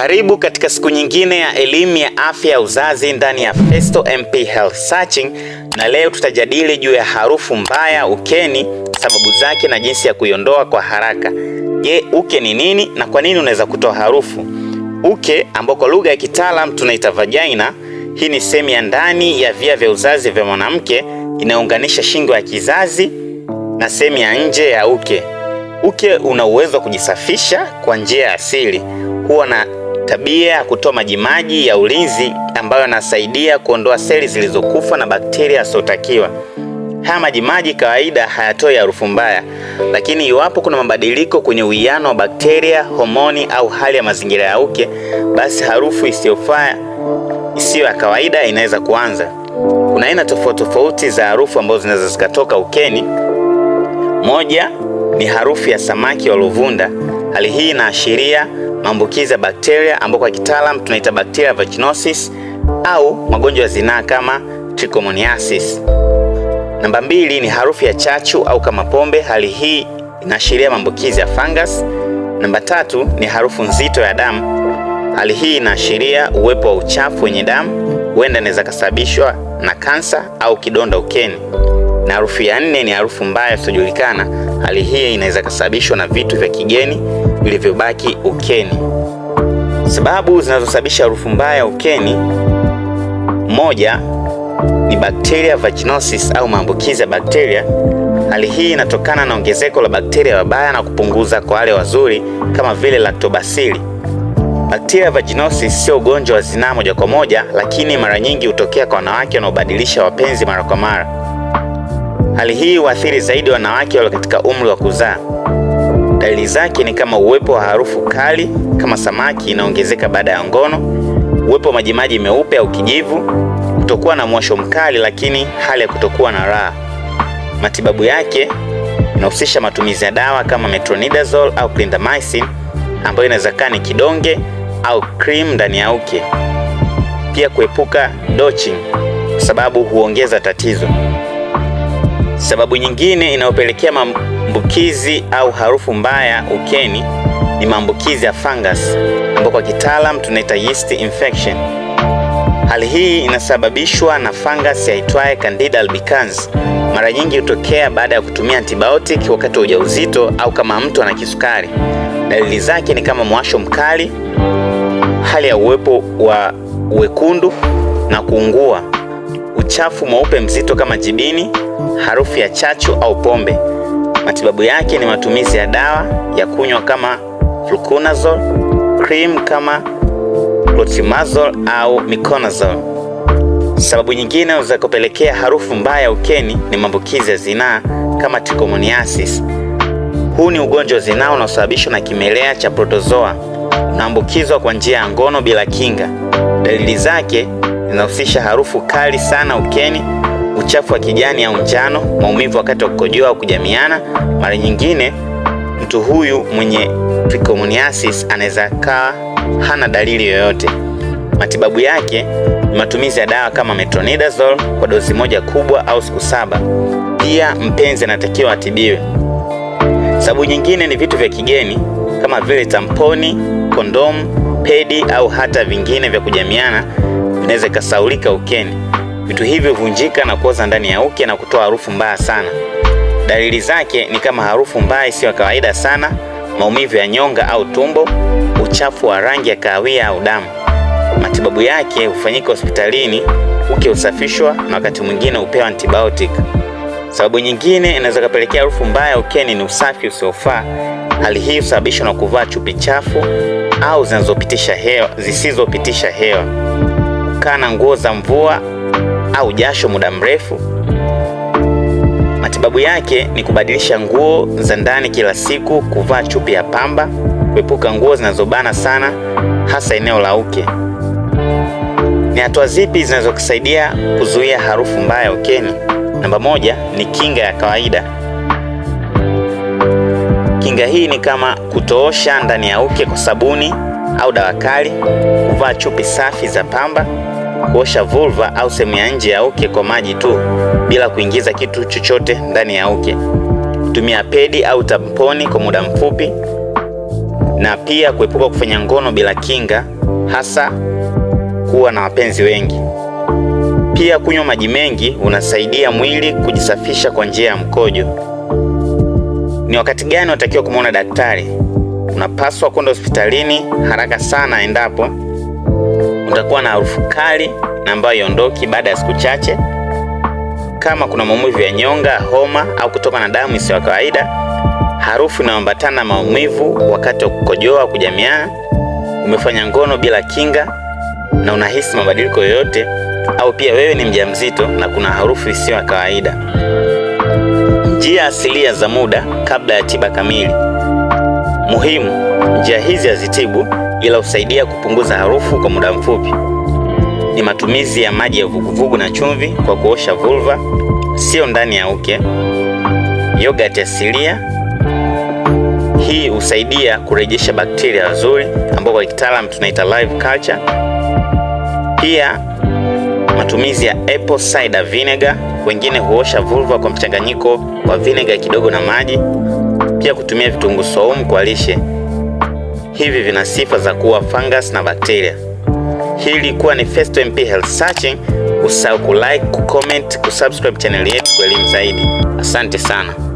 Karibu katika siku nyingine ya elimu ya afya ya uzazi ndani ya Festo MP Health Searching, na leo tutajadili juu ya harufu mbaya ukeni, sababu zake na jinsi ya kuiondoa kwa haraka. Je, uke ni nini na kwa nini unaweza kutoa harufu? Uke ambao kwa lugha ya kitaalam tunaita vagina, hii ni sehemu ya ndani ya via vya uzazi vya mwanamke inayounganisha shingo ya kizazi na sehemu ya nje ya uke. Uke una uwezo wa kujisafisha kwa njia ya asili, huwa na tabia ya kutoa majimaji ya ulinzi ambayo yanasaidia kuondoa seli zilizokufa na bakteria yasiyotakiwa Haya majimaji kawaida hayatoi harufu mbaya, lakini iwapo kuna mabadiliko kwenye uwiano wa bakteria, homoni au hali ya mazingira ya uke, basi harufu isiyofaa isiyo ya kawaida inaweza kuanza. Kuna aina tofauti tofauti za harufu ambazo zinaweza zikatoka ukeni. Moja ni harufu ya samaki waliovunda. Hali hii inaashiria maambukizi ya bakteria ambayo kwa kitaalam tunaita bacteria vaginosis au magonjwa ya zinaa kama trichomoniasis. Namba mbili ni harufu ya chachu au kama pombe, hali hii inaashiria maambukizi ya fungus. Namba tatu ni harufu nzito ya damu, hali hii inaashiria uwepo wa uchafu wenye damu, huenda inaweza kasababishwa na kansa au kidonda ukeni. Na harufu ya nne ni harufu mbaya isiyojulikana, hali hii inaweza kasababishwa na vitu vya kigeni vilivyobaki ukeni. Sababu zinazosababisha harufu mbaya ukeni, moja ni bacteria vaginosis au maambukizi ya bakteria. Hali hii inatokana na ongezeko la bakteria wabaya na kupunguza kwa wale wazuri kama vile lactobacilli. Bakteria vaginosis sio ugonjwa wa zinaa moja kwa moja, lakini mara nyingi hutokea kwa wanawake wanaobadilisha wapenzi mara kwa mara. Hali hii huathiri zaidi wanawake walio katika umri wa kuzaa. Dalili zake ni kama uwepo wa harufu kali kama samaki inaongezeka baada ya ngono, uwepo wa majimaji meupe au kijivu, kutokuwa na mwasho mkali lakini hali ya kutokuwa na raha. Matibabu yake inahusisha matumizi ya dawa kama metronidazole au clindamycin ambayo inaweza kuwa ni kidonge au cream ndani ya uke. Pia kuepuka dosing kwa sababu huongeza tatizo. Sababu nyingine inayopelekea maambukizi au harufu mbaya ukeni ni maambukizi ya fungus ambayo kwa kitaalam tunaita yeast infection. Hali hii inasababishwa na fungus yaitwaye Candida albicans. Mara nyingi hutokea baada ya kutumia antibiotic wakati wa ujauzito au kama mtu ana kisukari. Dalili zake ni kama mwasho mkali, hali ya uwepo wa wekundu na kuungua uchafu mweupe mzito kama jibini, harufu ya chachu au pombe. Matibabu yake ni matumizi ya dawa ya kunywa kama fluconazole, cream kama clotrimazole au miconazole. Sababu nyingine za kupelekea harufu mbaya ukeni ni maambukizi ya zinaa kama trichomoniasis. Huu ni ugonjwa wa zinaa unaosababishwa na kimelea cha protozoa unaambukizwa kwa njia ya ngono bila kinga. Dalili zake inahusisha harufu kali sana ukeni, uchafu wa kijani au njano, maumivu wakati wa kukojoa au kujamiana. Mara nyingine mtu huyu mwenye trichomoniasis anaweza kaa hana dalili yoyote. Matibabu yake ni matumizi ya dawa kama metronidazole kwa dozi moja kubwa au siku saba. Pia mpenzi anatakiwa atibiwe. Sababu nyingine ni vitu vya kigeni kama vile tamponi, kondomu, pedi au hata vingine vya kujamiana inaweza ikasaulika ukeni. Vitu hivyo vunjika na kuoza ndani ya uke na kutoa harufu mbaya sana. Dalili zake ni kama harufu mbaya isiyo ya kawaida sana, maumivu ya nyonga au tumbo, uchafu wa rangi ya kahawia au damu. Matibabu yake hufanyika hospitalini, uke husafishwa na wakati mwingine hupewa antibiotic. Sababu nyingine inaweza kupelekea harufu mbaya ukeni ni usafi usiofaa. Hali hii husababishwa na kuvaa chupi chafu au zinazopitisha hewa zisizopitisha hewa kukaa na nguo za mvua au jasho muda mrefu? Matibabu yake ni kubadilisha nguo za ndani kila siku, kuvaa chupi ya pamba, kuepuka nguo zinazobana sana, hasa eneo la uke. Ni hatua zipi zinazokusaidia kuzuia harufu mbaya ukeni? Namba moja ni kinga ya kawaida. Kinga hii ni kama kutoosha ndani ya uke kwa sabuni au dawa kali, kuvaa chupi safi za pamba kuosha vulva au sehemu ya nje ya uke kwa maji tu bila kuingiza kitu chochote ndani ya uke. Kutumia pedi au tamponi kwa muda mfupi, na pia kuepuka kufanya ngono bila kinga, hasa kuwa na wapenzi wengi. Pia kunywa maji mengi unasaidia mwili kujisafisha kwa njia ya mkojo. Ni wakati gani unatakiwa kumwona daktari? Unapaswa kwenda hospitalini haraka sana endapo utakuwa na harufu kali na ambayo iondoki baada ya siku chache. Kama kuna maumivu ya nyonga, homa au kutoka na damu isiyo ya kawaida, harufu inayoambatana na maumivu wakati wa kukojoa, kujamiana, umefanya ngono bila kinga na unahisi mabadiliko yoyote, au pia wewe ni mjamzito na kuna harufu isiyo ya kawaida. Njia asilia za muda kabla ya tiba kamili muhimu. Njia hizi hazitibu ila husaidia kupunguza harufu kwa muda mfupi. Ni matumizi ya maji ya vuguvugu na chumvi kwa kuosha vulva, sio ndani ya uke. Yogati asilia hii husaidia kurejesha bakteria wazuri ambao kwa kitaalamu tunaita live culture. Pia matumizi ya apple cider vinegar, wengine huosha vulva kwa mchanganyiko wa vinegar kidogo na maji. Pia kutumia vitunguu saumu kwa lishe hivi vina sifa za kuwa fungus na bakteria. Hii ilikuwa ni First MP Health Searching. Usahau kulike, kucomment, kusubscribe chaneli yetu kwa elimu zaidi. Asante sana.